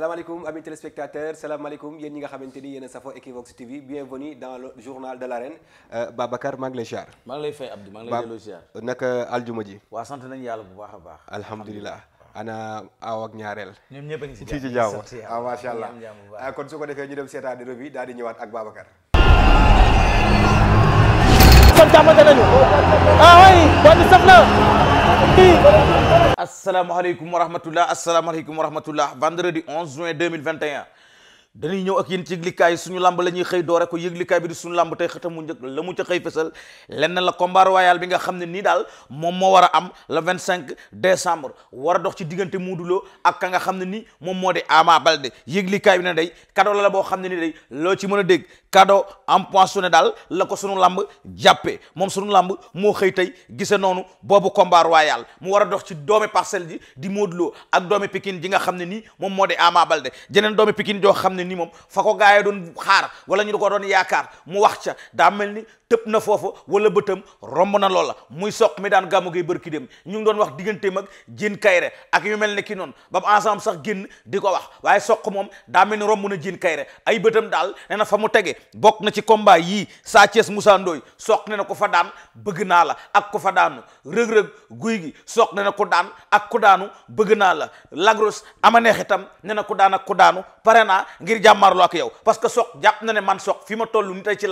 salaamaaleykum amis téléspectateurs salaamaaleykum yéen ñi nga xamante ni yéen a safoo Equivox TV bienvenue dans le journal de l'arène euh, Babacar maa ngi lay ziar. maa lay fay Abdou maa ngi lay delloo ziar. naka aljuma ji. waaw sant nañu yàlla bu baax a baax. alhamdulilah. ana aw ñaareel. ñoom ñëpp a ngi si jàmm ci ci ah, allah ah, kon su ko defee ñu dem seetaani revue daal di ñëwaat ak Babacar. kon jàmmante nañu ah oui bon saf la asalaamaaleykum wa rahmatullah asalaamaaleykum wa rahmatullah vendredi 11 juin 2021 dañuy ñëw ak yéen ci yëglikaay suñu lamb la ñuy xëy doore ko yëglikaay bi di suñu lamb tey xëta mu njëkk la mu xëy fesal lenn la combat royal bi nga xam ne nii daal moom moo war a am le 25 décembre war a dox ci diggante Modou Lo ak ka nga xam ne ni moom moo di Ama Baldé yëglikaay bi ne dey cadeau la boo xam ne ni loo ci mën a dégg cadeau empoisonné daal la ko sunu lamb jàppee moom sunu lamb moo xëy tey gise noonu boobu combat royal mu war a dox ci doome parcelle ji di Modou Lo ak doomi Pikine ji nga xam ne nii moom moo de Ama Baldé jeneen doomi Pikine joo xam ne nii moom fa ko gaay doon xaar wala ñu ko doon yaakaar mu wax ca daa mel ni tëb na foofu wala bëtam romb na loola muy soq mi daan gàmmu gay bërki dem ñu ngi doon wax digganteem ak jén kayre ak yu mel ne ki noonu ba ensemble sax génn di ko wax waaye soq moom daa mel ni romb na jén kayre ay bëtam daal ne na fa mu tege bokk na ci combat yii Sa Thiès Moussa Ndoye soq ne na ko fa daan bëgg naa la ak ko fa daanu rëg guy gi soq ne na ko daan ak ku daanu bëgg naa la lagros ama neex itam ne na ko daan ak ku daanu pare naa ngir jàmmaarloo ak yow parce que soq jàpp na ne man soq fi ma toll ni tey ci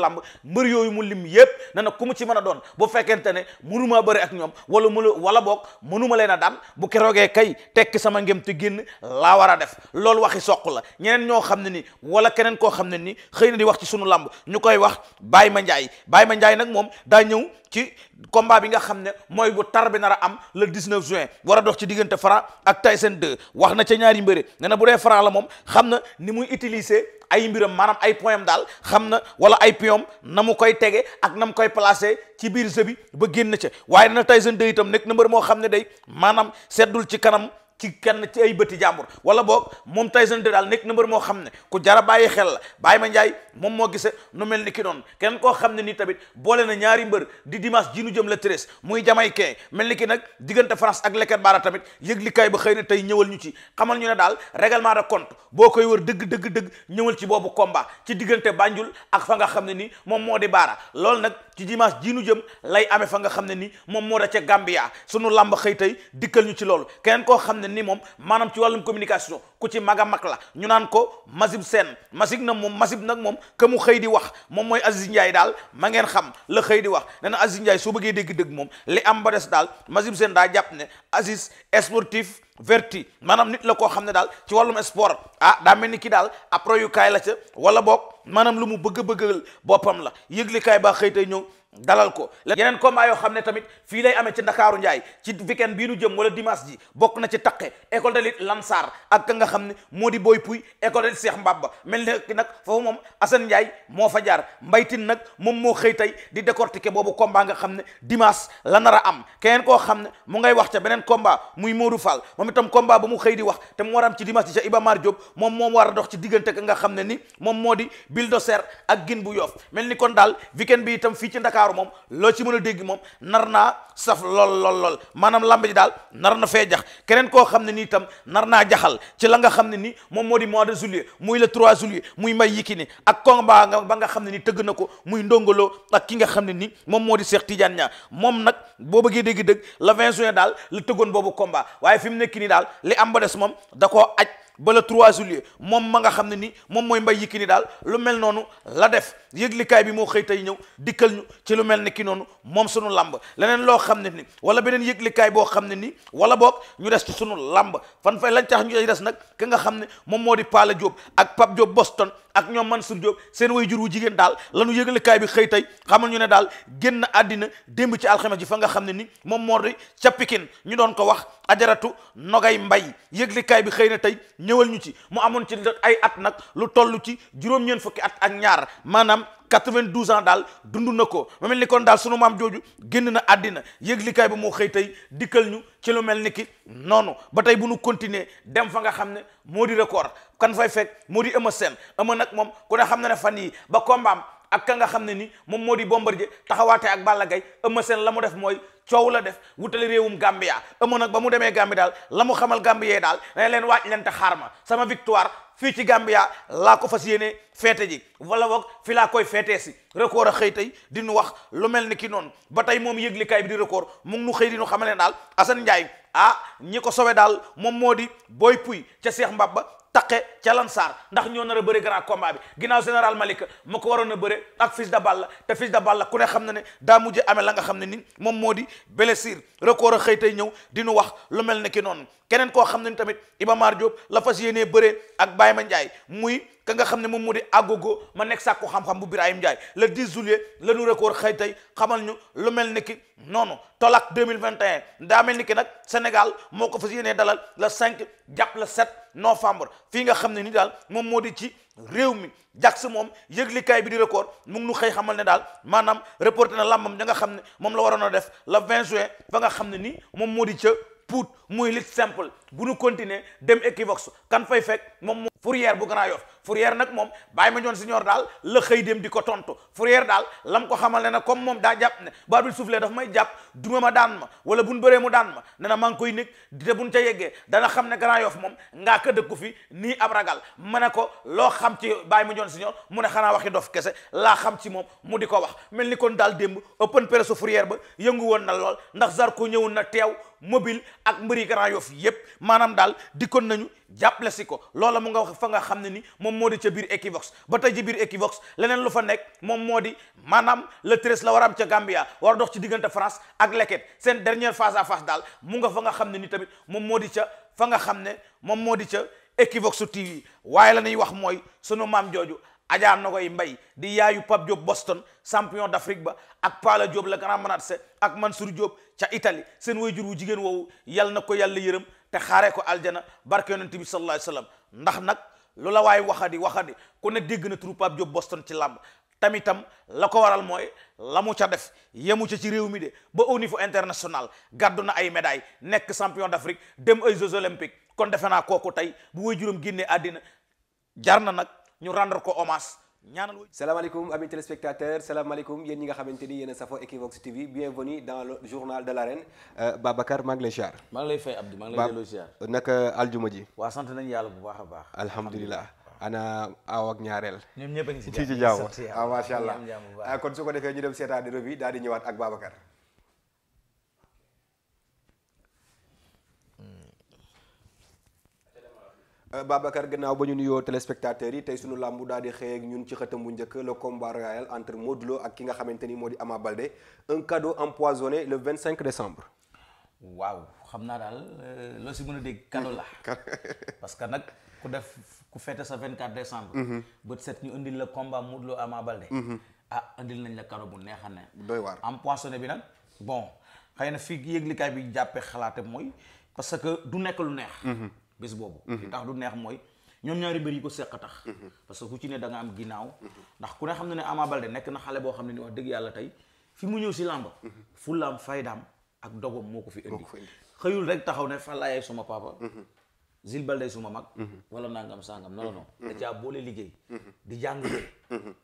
yëpp ne na ku mu ci mën a doon bu fekkente ne mënumaa bëri ak ñoom wala mu wala boog mënuma leen a daan bu keroogee kay tekki sama ngem te génn laa war a def loolu waxi soq la ñeneen ñoo xam ne ni wala keneen koo xam ne ni xëy na di wax ci suñu làmb ñu koy wax ma Baye Mandiaye ma Mandiaye nag moom daa ñëw ci combat bi nga xam ne mooy bu tar bi nar a am le 19 juin war a dox ci diggante Franc ak Tyson 2 wax na ca ñaari mbëri ne bu dee Franc la moom xam na ni muy utiliser ay mbiram maanaam ay point daal xam na wala ay pion na mu koy tege ak na mu koy placer ci biir jeu ba génna ca waaye na Tyson 2 itam nekk na mbër moo xam ne day maanaam seddul ci kanam ci kenn ci ay bëti jàmbur wala boog moom Tyson 2 daal nekk na mbër moo xam ne ku jara bàyyi xel la bàyyi ma njaay moom moo gise nu mel ni ki noonu kenn koo xam ne nii tamit boole na ñaari mbër di dimanche ji jëm la treize muy jamaïcain mel ni ki nag diggante France ak Leket Baara tamit yëg likaay xëy na tey ñëwal ñu ci xamal ñu ne daal règlement de boo koy wër dëgg dëgg dëgg ñëwal ci boobu combat ci diggante Banjul ak fa nga xam ne nii moom moo di Baara loolu nag ci dimanche ji jëm lay amee fa nga xam ne nii moom moo da ca Gambia sunu làmb xëy tey dikkal ñu ci loolu kenn koo xam ne ne ni moom maanaam ci wàllum communication ku ci mag mag la ñu naan ko Masib seen Masib nag moom Masib nag moom que mu xëy di wax moom mooy Aziz Ndiaye daal ma ngeen xam la xëy di wax ne na Aziz Ndiaye soo bëggee dégg-dëgg moom li am ba des daal Masib Sène daa jàpp ne Aziz sportif verti maanaam nit la koo xam ne daal ci wàllum sport ah daa mel ni kii daal après yu la ca wala book maanaam lu mu bëgg-bëggal boppam la yëglikaay baa xëy tey ñëw dalal ko yeneen combat yoo xam ne tamit fii lay amee ci ndakaaru njaay ci weekend bii nu jëm wala dimanche ji bokk na ci taqe école de lutte Lansar ak ka nga xam ne moo di booy puy école de lutte Seex Mbabba mel nag foofu moom Assane Ndiaye moo fa jaar mbaytin nag moom moo xëy tey di décortiquer boobu combat nga xam ne dimanche la nar am keneen koo xam ne mu ngay wax ca beneen combat muy Modou Fall moom itam combat ba mu xëy di wax te mu war a ci dimanche ji ca Iba Mar Diop moom moom war a dox ci diggante nga xam ne ni moom moo di Bulldozer ak Gin bu Yoff mel ni kon daal weekend bi itam fii ci ndakaaru ndakaaru moom loo ci mën a dégg moom nar naa saf lool lool lool maanaam lamb ji daal nar na fee jax keneen koo xam ne nii itam nar naa jaxal ci la nga xam ne ni moom moo di mois de juillet muy le trois juillet muy may yi Yékini ak combat nga ba nga xam ne ni tëgg na ko muy ndongoloo ak ki nga xam ne nii moom moo di Cheikh Tidiane Niang moom nag boo bëggee dégg dëgg le 20 juin daal la tëggoon boobu combat waaye fi mu nii daal li am des moom da aj ba le 3 juillet moom ma nga xam ne ni moom mooy Mbaye Yékini daal lu mel noonu la def yëglikaay bi moo xëy tey ñëw dikkal ñu ci lu mel ni ki noonu moom sunu làmb leneen loo xam ne ni wala beneen yëglikaay boo xam ne ni wala boog ñu des sunu làmb fan fay lañ tax ñu des nag ki nga xam ne moom moo di Paala Diop ak Pape Diop Boston ak ñoom Mansour Diop seen way jur wu jigéen daal lanu yëglikaay bi xëy tey xamal ñu ne daal génn àddina démb ci alxames ji fa nga xam ne ni moom moo di ca Pikine ñu doon ko wax ajaratu Nogay Mbay yëglikaay bi xëy na tey ñëwal ñu ci mu amoon ci ay at nag lu toll ci juróom-ñeent fukki at ak ñaar maanaam 92 ans daal dundu na ko ma mel ni koon daal sunu maam jooju génn na àddina yëglikaay bi moo xëy tey dikkal ñu ci lu mel ni ki noonu ba tey bu nu continuer dem fa nga xam ne moo di record kan fay fekk moo di Eumeu Sène Eumeu nag moom ku ne xam na ne fan yi ba kombaam ak ka nga xam ne ni moom moo di Bombardier taxawaate ak Balla gay ama Sène la mu def mooy coow la def wutale réewum Gambia Eumeu nag ba mu demee gàmbi daal la mu xamal gàmbiyee daal dañ leen waaj leen te xaar ma sama victoire fii ci Gambia laa ko fas yéene feete ji wala boog fi laa koy feetee si record a xëy tey di nu wax lu mel ni ki noonu ba tey moom yëglikaay bi di record mu nu xëy di nu xamal ne daal Assane Ndiaye ah ñi ko sowe daal moom moo di Boy Pouy ca Seex Mbaba taqe ca Lansar ndax ñoo nar a bëri grand combat bi ginnaaw général Malick ma ko waroon a bëre ak Fils de Balla te Fils de Balla ku ne xam na ne daa mujj amee la nga xam ne nii moom moo di blessure record a xëy tey ñëw dinu wax lu mel ne ki noonu keneen koo xam ne ni tamit Iba Mar la fas yéenee bëree ak baay ma Mandiaye muy. ka nga xam ne moom moo di agogo ma nekk saak sàkku xam-xam bu Birahim Ndiaye le 10 juillet la ñu record xëy tey xamal ñu lu mel ni ki noonu tolak 2021 daa mel ni ki nag Sénégal moo ko fas yéenee dalal le cinq jàpp le 7 novembre fii nga xam ne ni daal moom moo di ci réew mi jax moom yëglikaay bi di record mu nu xëy xamal ne daal maanaam reporté na làmbam da nga xam ne moom la waroon a def le 20 juin fa nga xam ne nii moom moo di ca Pout muy lit simple bu nu continuer dem Equivox kan fay fekk moom moom Fourier bu Grand Yoff Fourier nag moom bàyyi ma si siñor daal la xëy dem di ko tontu Fourier daal lam ko xamal ne na comme moom daa jàpp ne bu arbitre soufflé daf may jàpp duma ma daan ma wala buñ bëree mu daan ma ne na maa ngi koy nekk di te buñ ca yeggee dana xam ne Grand Yoff moom ngaa ka dëkku fi nii ab ragal ma ne ko loo xam ci bàyyi ma si siñor mu ne xanaa waxi dof kese laa xam ci moom mu di ko wax mel ni kon daal démb open presse Fourier ba yëngu woon na lool ndax Zarko ñëwoon na teew mobile ak mbëri Grand Yoff yépp maanaam daal dikkoon nañu jàppale si ko loola mu nga wax fa nga xam ne ni moom moo di ca biir Equivox ba tey ci biir Equivox leneen lu fa nekk moom moo di maanaam le treize la war a ca Gambia war dox ci diggante France ak Leket seen dernière face à face daal mu nga fa nga xam ne ni tamit moom moo di ca fa nga xam ne moom moo di ca Equivox TV waaye la ñuy wax mooy sunu maam jooju. Ajaa Nogoy Mbay di yaayu Pape job Boston champion d'Afrique ba ak Paala Diop la Grand Manatse ak Mansour Diop ca Italie seen wayjur wu jigéen woowu yal na ko yàlla yërëm te xaaree ko aljana barke yonent bi sallallahu alayhi ndax nag lu la waay waxadi waxadi ku ne dégg na turu Pape Diop Boston ci làmb tamitam la ko waral mooy la mu ca def yemu ca ci réew mi de ba au niveau international gàddu na ay médailles nekk champion d'Afrique dem ay Jeux olympiques kon defe naa kooku tey bu way juróom génnee àddina jar na nag ñu rendre ko hommage ñaanal wu salaamaaleykum amis téléspectateurs salaamaaleykum yéen ñi nga xamante ni yéen a safo Equivox TV bienvenue dans le journal de la euh, Babacar maa ngi lay ziar maa ngi lay fay Abdou maa ngi lay delloo ziar naka aljuma ji waaw sant nañu yàlla bu baax a baax alhamdulilah ana aw ñaareel ñoom ñëpp a ngi si ci jàmm ah macha allah ah, kon su ko defee ñu dem seetaan revue daal di ñëwaat ak Babacar Euh, Babacar gannaaw ba ñu nuyoo téléspectateurs yi tey sunu làmbu daal di xëy ak ñun ci xëtam bu njëkk le combat royal entre Modou Lo ak ki nga xamante ni moo di Ama Baldé un cadeau empoisonné le 25 décembre. waaw xam naa daal euh, loo si mën a dégg cadeau la parce que nag ku def ku fête sa 24 décembre. Mhm. bët set ñu la combat Modou Lo Ama Baldé. Mhm. ah indil nañ la cadeau bu neex a ne. doy waar empoisonné bi nag bon xëy na fi yëglikaay bi jàppee xalaate mooy parce que du nekk lu neex. Mhm. bés boobu mhm. li tax du neex mooy ñoom ñaari mbër yi ko seq tax mhm. parce que ku ci ne da nga am ginnaaw mhm. ndax ku ne xam ne nekk na xale boo xam ne ni wax dëgg yàlla tey fi mu ñëw si làmb fullaam faydaam ak dogom moo ko fi indi xëyul rek taxaw ne Falaye suma papa Zil Baldé suma mag wala nangam sangam non non da caa boole liggéey di jàng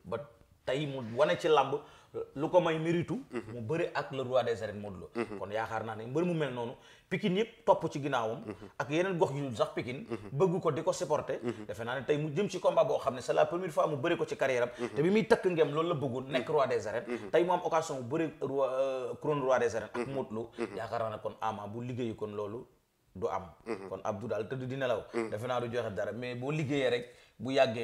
ba tey mu wane ci làmb lu ko may méritu mhm. mu bëri ak le roi des arènes Modou Lo mhm. kon yaakaar naa ne mbër mu mel noonu Pikine yëpp topp ci ginnaawam mhm. ak yeneen gox yu sax Pikine bëgg ko di ko supporter defe naa ne tey mu jëm ci combat boo xam ne c'est la première fois mu bëri ko ci carrière am te bi muy takk ngem loolu la bëggoon nekk roi des arènes tey mu am occasion bu bëri roi euh, roi des arènes ak Modou yaakaar naa ne kon ama bu liggéeyu kon loolu du am kon Abdou daal tëdd du joxe dara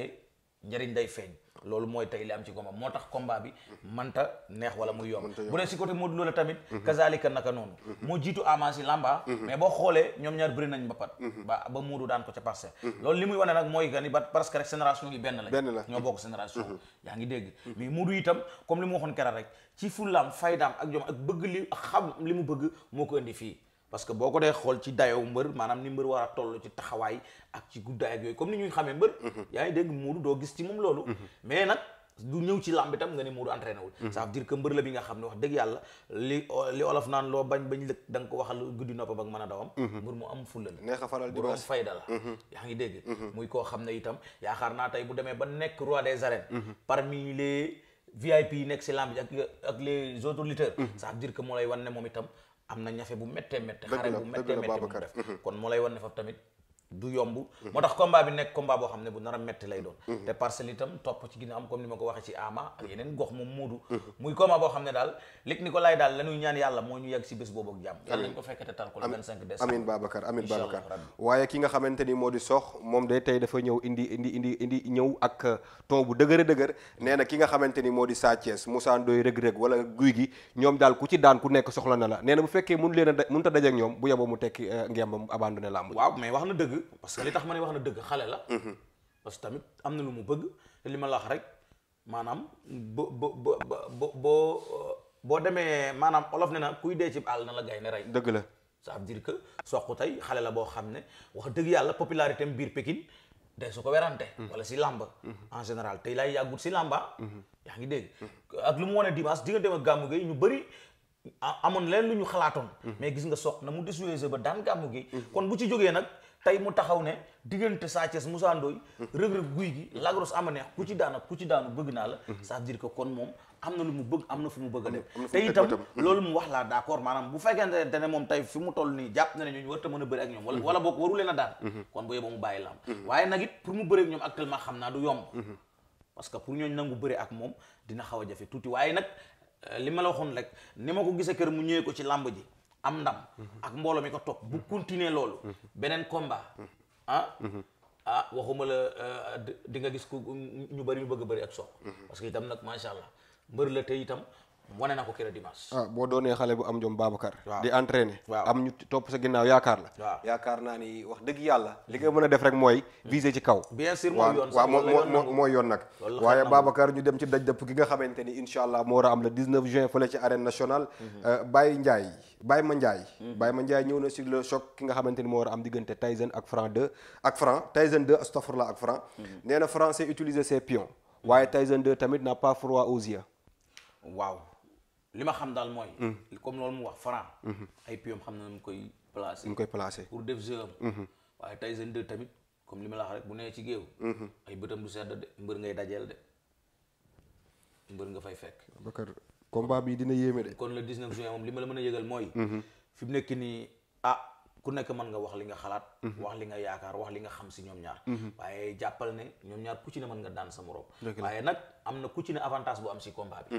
njëriñ day feeñ loolu mooy tey li am ci combat moo tax combat bi manta neex wala muy yomb bu dee si côté Modou Lo la tamit kazalika naka noonu moo jiitu avance yi lamba mais boo xoolee ñoom ñaar bëri nañ ba pat ba ba Modou daan ko ca parce loolu li muy wane nag mooy gani ba parce que rek génération yi benn la ñoo bokk génération mhm. yaa ngi dégg mais Modou itam comme li mu waxoon keroog rek ci fullaam faydaam ak jom ak bëgg li xam li mu bëgg moo ko fii parce que boo ko dee xool ci dayoo mbër maanaam ni mbër war a toll ci taxawaay ak ci guddaay ak yooyu comme ni ñuy xamee mbër mhm. yaa ngi dégg Modou gis ci moom loolu mhm. mais nag du ñëw ci làmb itam nga ne Modou entraîné mhm. bi nga xam ne wax dëgg yàlla li li olof naan loo bañ bañ lëkk da nga ko waxal guddi noppam ak mën a dawam mbër am fulla la neex a faral di ngi dégg muy koo xam ne itam yaakaar naa tey bu demee ba nekk roi des arènes parmi les VIP yi nekk si làmb ji ak ak les autres lutteurs ça moo lay wan ne moom itam am na ñafe bu méttee méttee xare bu méttee méttee kon moo lay wan ne foofu tamit du yomb. moo tax combat bi nekk combat boo ne bu nar a metti lay doon. Mm-hmm. te parcelle itam topp ci ginnaaw am comme ni ma ko waxee ci ama mm-hmm. yeneen gox moom Moodu. Mm-hmm. muy combat boo xam ne daal lig ni ko lay daal lañuy ñaan yàlla moo ñu yegg si bés boobu ak jàmm. yàlla waaye ki nga xamante ni moo di sox moom day tey dafa ñëw indi indi indi indi ñëw ak euh, ton bu dëgër dëgër nee ki nga xamante ni moo di Sa Thiès Moussa Ndoye rëg-rëg wala guy gi ñoom daal ku ci daan ku nekk soxla na la nee bu fekkee mënu leen a mënut euh, a dëgg parce que li tax ma ne wax na dëgg xale la. Mhm. parce que tamit am na lu mu bëgg li ma la wax rek maanaam bo bo bo boo boo demee maanaam olof ne na kuy dee ci àll na la gaynde rey. dëgg la ça veut dire que soxu tey xale la boo xam ne wax dëgg yàlla popularité am biir Pikine day su ko werante mhm. wala si làmb mhm. en général tey laay yàggut si làmba yaa ngi dégg ak lu mu wane dimanche diggante ak gàmmu gi ñu bëri amoon leen lu ñu xalaatoon mais gis nga soq na mu dissuése ba gi kon bu nag tey mu taxaw ne diggante Sa Thiès Moussa Ndoye rëg-rëg guy gi lagros ama neex ku ci daan ak ku ci daanu bëgg naa la ça veut dire que kon moom am na lu mu bëgg am na fu mu bëgg a dem te itam loolu mu wax laa d'accord maanaam bu fekkente ne moom tey fi mu toll nii jàpp na ne ñooñu warta mën a bëri ak ñoom wala mhm. wala boog waru a daan mhm. kon bu yeboo mu bàyyi lam mhm. waaye nag it pour mu bëri ak ñoom actuellement xam naa du yomb parce que pour ñooñu nangu bëri ak moom dina xaw a jafe tuuti waaye nag euh, li la waxoon rek ni ma ko gisee kër mu ñëwee ko ci làmb ji am ndam ak mbooloo mi ko topp bu continuer loolu beneen komba ah. ah waxuma la euh, di nga gis ku ñu bëri ñu bëgg a bëri ak soq parce que itam nag macha allah mbër la te itam wane na ko keroog dimanche. ah boo doonee xale bu am jom Babacar. waaw di entraîner. waaw am ñu topp sa ginnaaw yaakaar la. waaw yaakaar naa ni wax dëgg yàlla. li nga mën a def rek mooy. viser ci kaw. bien sûr mooy yoon waaw waaw mooy yoon nag. waaye Babacar ñu dem ci daj dëpp gi nga xamante ni incha allah moo war a am le 19 juin fële ci arène nationale. Mhm. Euh, Baye Ndiaye Baye Ma mhm. ñëw na sur le choc ki nga xamante ni moo war am diggante Tyson ak Franc 2 ak Franc Tyson 2 astafurla ak Franc. Mhm. nee na Franc c'est utiliser ses pions. waaye Tyson 2 tamit n'a pas froid aux yeux. waaw. li ma xam daal mooy. Mm. comme loolu mu wax Franc. Mm-hmm. ay pions xam na mu koy placer. mu koy placer pour def jeu am. Mm-hmm. waaye Tyson 2 tamit comme li ma la wax bu nee ci géew. Mm-hmm. ay bëtam du sedd de ngay dajeel de mbër nga fay fekk. Bakar combat bi dina yéeme kon le 19 juin li ma la mën a yëgal mooy. fi mu nekk nii ah. ku nekk mën nga wax li nga xalaat wax li nga yaakaar wax li nga xam si ñoom ñaar waaye jàppal ne ñoom ñaar ku ci ne mën nga daan sa morom waaye nag am na ku ci ne avantage bu am si combat bi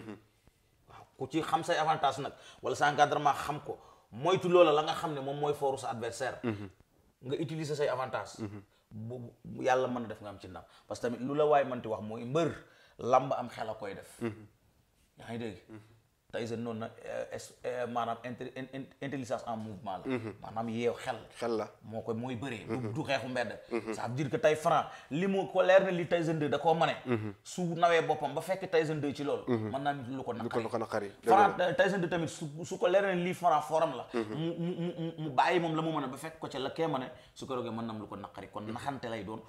ku ci xam say avantage nag wala sa encadrement xam ko moytu loola la nga xam ne moom mooy fooru sa adversaire mm-hmm. nga utiliser say avantage mm-hmm. bu yàlla mën na def nga am ci ndam parce que tamit lu la waay mënti wax mooy mbër lamb am xel a koy def mm-hmm. yaa ngi dégg Tyson noonu na maanaam intelligence en mouvement la mhm. maanaam yeew xel xel la moo ko mooy bëri mhm. du xeexu mbedd mhm. ça veut dire tey Franc li mu ko leer na li Tyson 2 da koo mane su nawee boppam ba fekk Tyson 2 ci loolu mën naa lu ko naqari Franc eh, Tyson 2 tamit su su ko leer na lii Franc forum la mu mu mu bàyyi moom la mu mën a ba fekk ko ca la kee mane su ko rogee mën na lu ko naqari kon naxante lay doon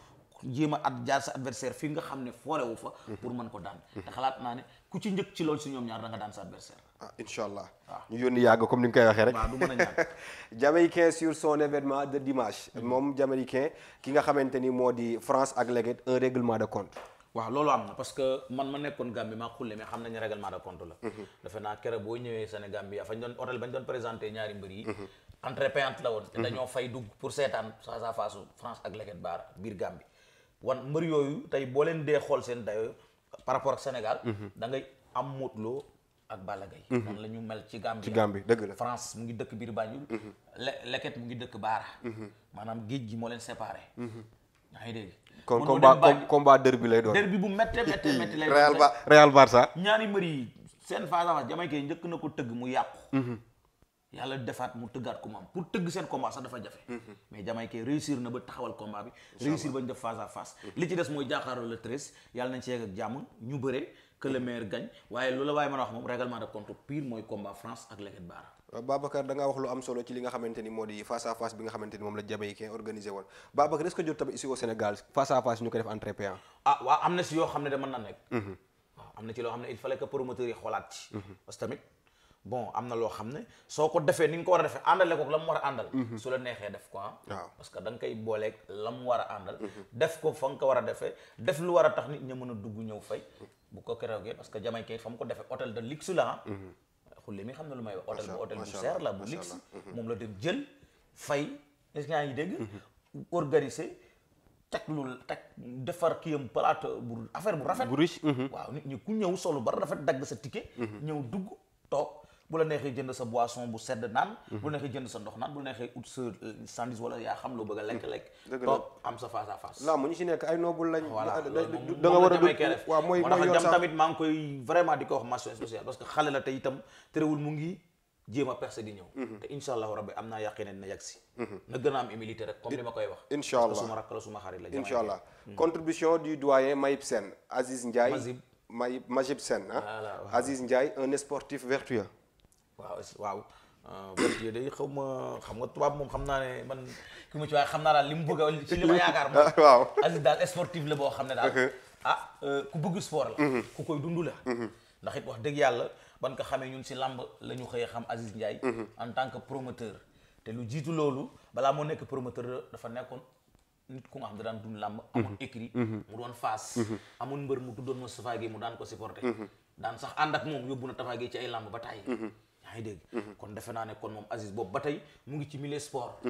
jéem a at jaar sa adversaire fi nga xam ne foore wu fa pour mën ko daan te xalaat naa ne ku ci njëkk ci loolu si ñoom ñaar da nga daan sa adversaire ah incha allah waaw ah. ñu yónni yàgg comme ni nga koy waxee rek waaw du mën a ñàkk jamaïcain sur son événement de dimanche mm-hmm. moom jamaïcain ki nga xamante ni moo di France ak Leggett un règlement de compte waaw loolu am na parce que man ma nekkoon Gambie maa xulle mais xam nañu règlement de compte la mm-hmm. defe naa kere boo ñëwee Sénégal bi fañ doon hôtel bañ doon présenté ñaari mbër yi mm-hmm. entrée payante la woon te dañoo fay dugg pour seetaan face à face France ak Leggett Baar biir Gambie wan mbër yooyu tey boo leen dee xool seen dayo par rapport ak Sénégal mhm. da ngay am Modou Lo ak Balla Gaye mhm. noonu la ñu mel ci Gambie ci Gambie dëgg la France mu ngi dëkk biir Banjul mhm. le leket mu ngi dëkk Baara maanaam géej gi moo leen séparé yaa ngi dégg kon combat combat derby lay doon derby bu métte métte métti lay Real sax ñaari mbër yi seen phase avance Jamaïque njëkk na ko tëgg mu yàqu yàlla defaat mu tëggaat ko moom pour tëgg seen combat sax dafa jafe mhm. mais jamaykee réussir na ba taxawal combat bi réussir ba ñu def face à face mhm. li ci des mooy jaaxaaroo le treize yàlla nañ ci yegg ak jàmm ñu bëre que le mhm. waaye loolu la waaye mën a wax moom règlement de compte pire mooy combat France ak Leket Baara Babacar da ngaa wax lu am solo ci li nga xamante ni moo di face à face woon Babacar est-ce jot tamit ici au Sénégal face bon am na loo xam ne soo ko defee ni nga ko war a defee àndale ko la mu war a àndal mhm. su la neexee def ko ah. waaw parce que danga nga koy booleeg la mu war a àndal mhm. def ko fa nga ko war a defee def lu war a tax nit ña mën a dugg ñëw fay bu ko keroogee parce que jamaykay fa mu ko defee hôtel de luxe ah. mhm. xam ne lu may wax hôtel bu hôtel bu seer la moom la dem jël fay est-ce que dégg organiser teg lu teg defar kii am plate bu affaire bu rafet bu riche waaw nit ñi ku ñëw solo ba rafet dagg sa ticket ñëw dugg toog bu la neexee jënd sa boisson bu sedd naan bu la neexee jënd sa ndox naan bu la neexee ut sa euh, sandwich wala yaa xam loo bëgg a lekk lekk toog am sa face à face mu ñu si nekk ay noobul lañ voilà da nga war a dugg waaw ngi koy vraiment di ko wax mention spéciale parce que xale la te itam mu ngi jéem a percé di ñëw mhm. te incha allahu rabbi am naa yàqi ne dina yàgg si mhm. na gën a am humilité rek comme li ma koy wax incha allah suma rakk la suma xarit la incha allah mhm. contribution du doyen Mayib Sène Aziz Ndiaye Mayib Majib Sène ah Aziz Ndiaye un waaw waaw Berthier day xaw ma xam nga tubaab moom xam naa ne man ki mu ci waaye xam naa daal li mu bëgg a ci li ma yaakaar moom waaw Aziz daal sportif la boo xam ne daal ah euh, ku bugg sport la mhm. ku koy dund la mhm. ndax it wax dëgg yàlla ban ko xamee ñun si làmb la ñu xëyee xam Aziz Ndiaye mhm. en tant que promoteur te lu jiitu loolu balaa moo nekk promoteur dafa nekkoon nit ku nga xam ne daan dund làmb amoon écrit mu doon faas amoon mbër mu tuddoon ma Moustapha mu daan ko supporté daan sax ànd ak moom yóbbu na Tapha ci ay làmb ba tàyyi yaa ngi dégg kon defe naa ne kon moom Aziz boobu ba tey mu ngi ci milieu sport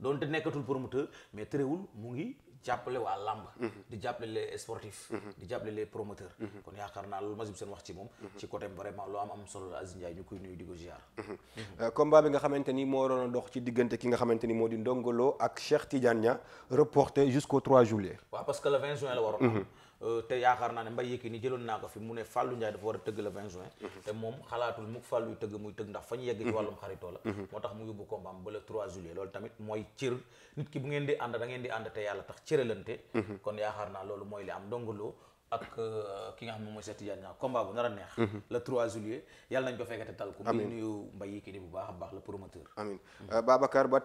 doonte nekkatul promoteur mais terewul mu ngi jàppale waa làmb di jàppale les sportifs di jàppale les promoteurs kon yaakaar naa loolu Majib Sène wax ci moom ci côté vraiment lu am am solo la Aziz Ndiaye ñu koy nuyu di ko ziar euh, combat bi nga xamante ni moo waroon a dox ci diggante ki nga xamante ni moo di Ndongo Lo ak Cheikh Tidiane Niang reporté jusqu'au 3 juillet parce que le 20 juin la waroon mhm. euh, te yaakaar naa ne mbay Yékini jëloon naa ko fi mu ne Fallou Ndiaye dafa war a tëgg le 20 juin mhm. te moom xalaatul mu mhm. moo tax mu yóbbu combat ba le 3 juillet loolu tamit mooy cër nit ki bu ngeen di ànd da ngeen ànd te yàlla tax cëralante kon yaakaar naa loolu mooy li am ndongoloo ak euh, ki nga xam ne mooy seeti yan ñaa combat bu nar a neex le 3 juillet yàlla nañ ko fekkete tal ko bi nuyu Mbaye Yékini bu baax a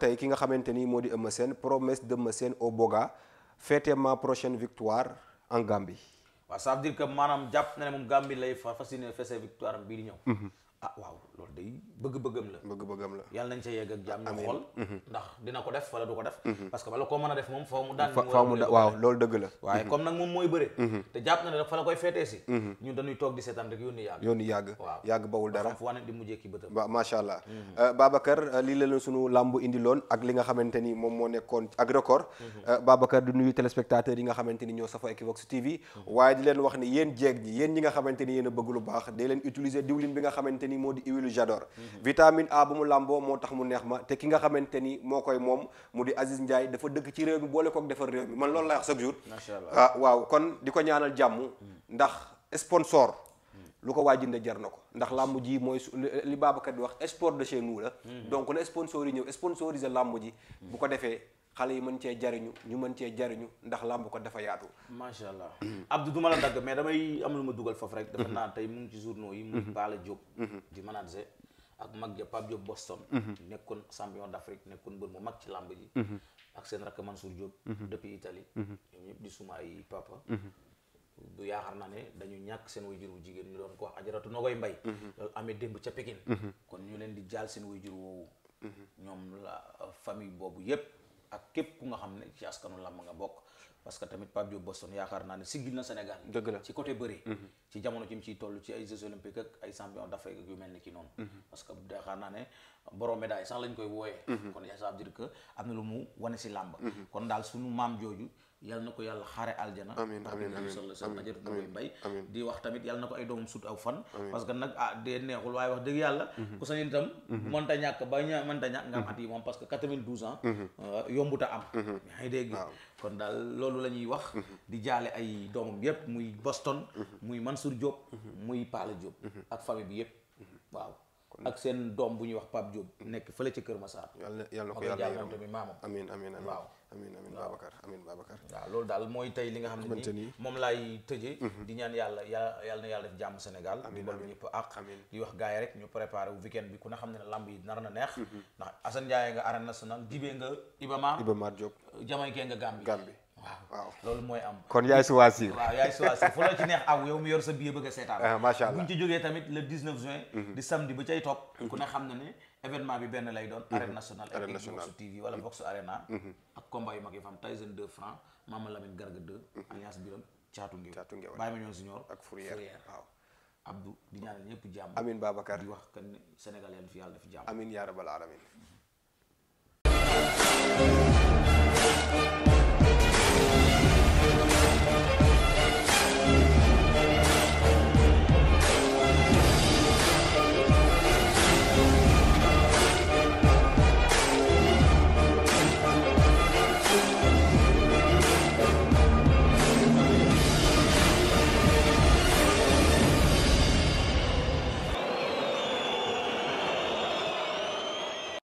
euh, xamante ni moo di Eumeu Sène fêter ma prochaine victoire en Gambie. waaw ça veut dire que maanaam jàpp na ne moom Gambie lay fas yéene fese victoire bii di ñëw. Mhm. ah waaw la mhm. mhm. a def moom faw mu daan faw mu leen sunu làmb indi ak li nga xamante ni moom moo nekkoon ak record mhm. euh, Babacar di nuyu yi nga xamante ñoo safa Equivox TV waaye di leen wax ne yéen jeeg ñi yéen ñi nga xamante ni bëgg lu baax day leen utiliser diwlin bi nga xamante ni moo di huile Jador vitamine A ba mu làmboo moo tax mu neex ma te ki nga xamante ni moo koy moom mu di Aziz njaay dafa dëkk ci réew mi boole kook defar réew mi man lool lay wax chaque jour ah waaw kon di ko ñaanal jàmm ndax sponsor lu ko waa jënde jar na ko ndax làmb ji mooy li baabakat di wax sport de chez nous la hmm. donc na sponsor yi ñëw sponsoriser làmb ji bu ko defee xale yi mën cee jariñu ñu mën cee jariñu ndax làmb ko dafa yaatu macha allah Abdou du ma la dagg mais damay am lu ma dugal foofu rek dafa naa tey mu ngi ci journaux yi mu Bala Diop mhm. di manager ak mag ja Pape Diop Boston mhm. nekkoon champion d'Afrique nekkoon mbër mu mag ci làmb ji mhm. ak seen rakk Mansour Diop depuis Italie ñoom ñëpp di suma ay papa du yaakaar naa ne dañu ñàkk seen wayjur wu jigéen ñu doon ko wax ajaratu noo koy mbay loolu amee démb ca Pikine kon ñu leen di jaal seen wayjur ñoom la boobu yépp ak képp ku nga xam ne ci askanu làmb nga bokk parce que tamit Pape Diop Boston yaakaar naa ne siggil na Sénégal dëgg la ci côté bëri mhm. ci jamono ci mu ciy toll ci ay Jeux olympiques ak ay champion d'Afrique yu mel ni ki noonu mhm. parce que yaakaar naa ne borom médaille sax lañ koy wooyee mhm. kon ça veut dire que am na lu mu wane si làmb kon daal suñu maam jooju yal na ko yàlla xaare aljana amiin amiin amiin mbay di wax tamit yal na ko ay doomam sut aw fan parce que nag ah neexul waaye wax dëgg yàlla mhm. ku sañ itam mhm. mënta ñàkk ba ña mënta ñàkk nga am at mhm. yi moom parce que quatre-vingt-douze ans euh, yombuta am yaa ngi dégg kon daal loolu la ñuy wax di jaale ay doomam yépp muy Boston muy Mansour Diop muy Paala Diop ak famille bi yépp waaw ak seen doom bu ñuy wax Pape Diop nekk fële ca Kër ma yàlla yàlla ko yàlla yërëm tamit maamam amiin amiin amiin waaw amiin amiin Babacar amiin loolu daal mooy tey li nga xam ne ni moom laay tëjee mhm. di ñaan yàlla yàlla yàlla na yàlla def jàmm Sénégal di balu ñëpp ak di wax gars yi rek ñu préparé wu weekend bi ku ne xam ne ne lamb yi nar na neex mhm. ndax Assane Ndiaye nga arène nationale dibee nga Ibamar Ibamar Diop jamaykee nga Gambie Gambie waaw loolu mooy am. kon yaay choisir. waaw yaay choisir fu la ci neex aw yow mi yor sa billet bëgg a seetaan. Ah, macha allah bu ñu ci jógee tamit le 19 juin. Mhm. di samedi ba cay topp. ku ne xam na ne événement bi benn lay doon. Mhm. arène nationale arène nationale Vox TV wala mhm. Vox Arena. ak combat yu mag yi fa am Tyson 2 franc Mama Lamine Garga 2. alliance biram caatu ngew caatu ngew Baye Mandione Junior ak Fourier waaw. Abdou di ñaanal ñëpp jàmm. Amin Babacar di wax kan Sénégal yàlla fi yàlla def jàmm. amin yaa rabbal alamin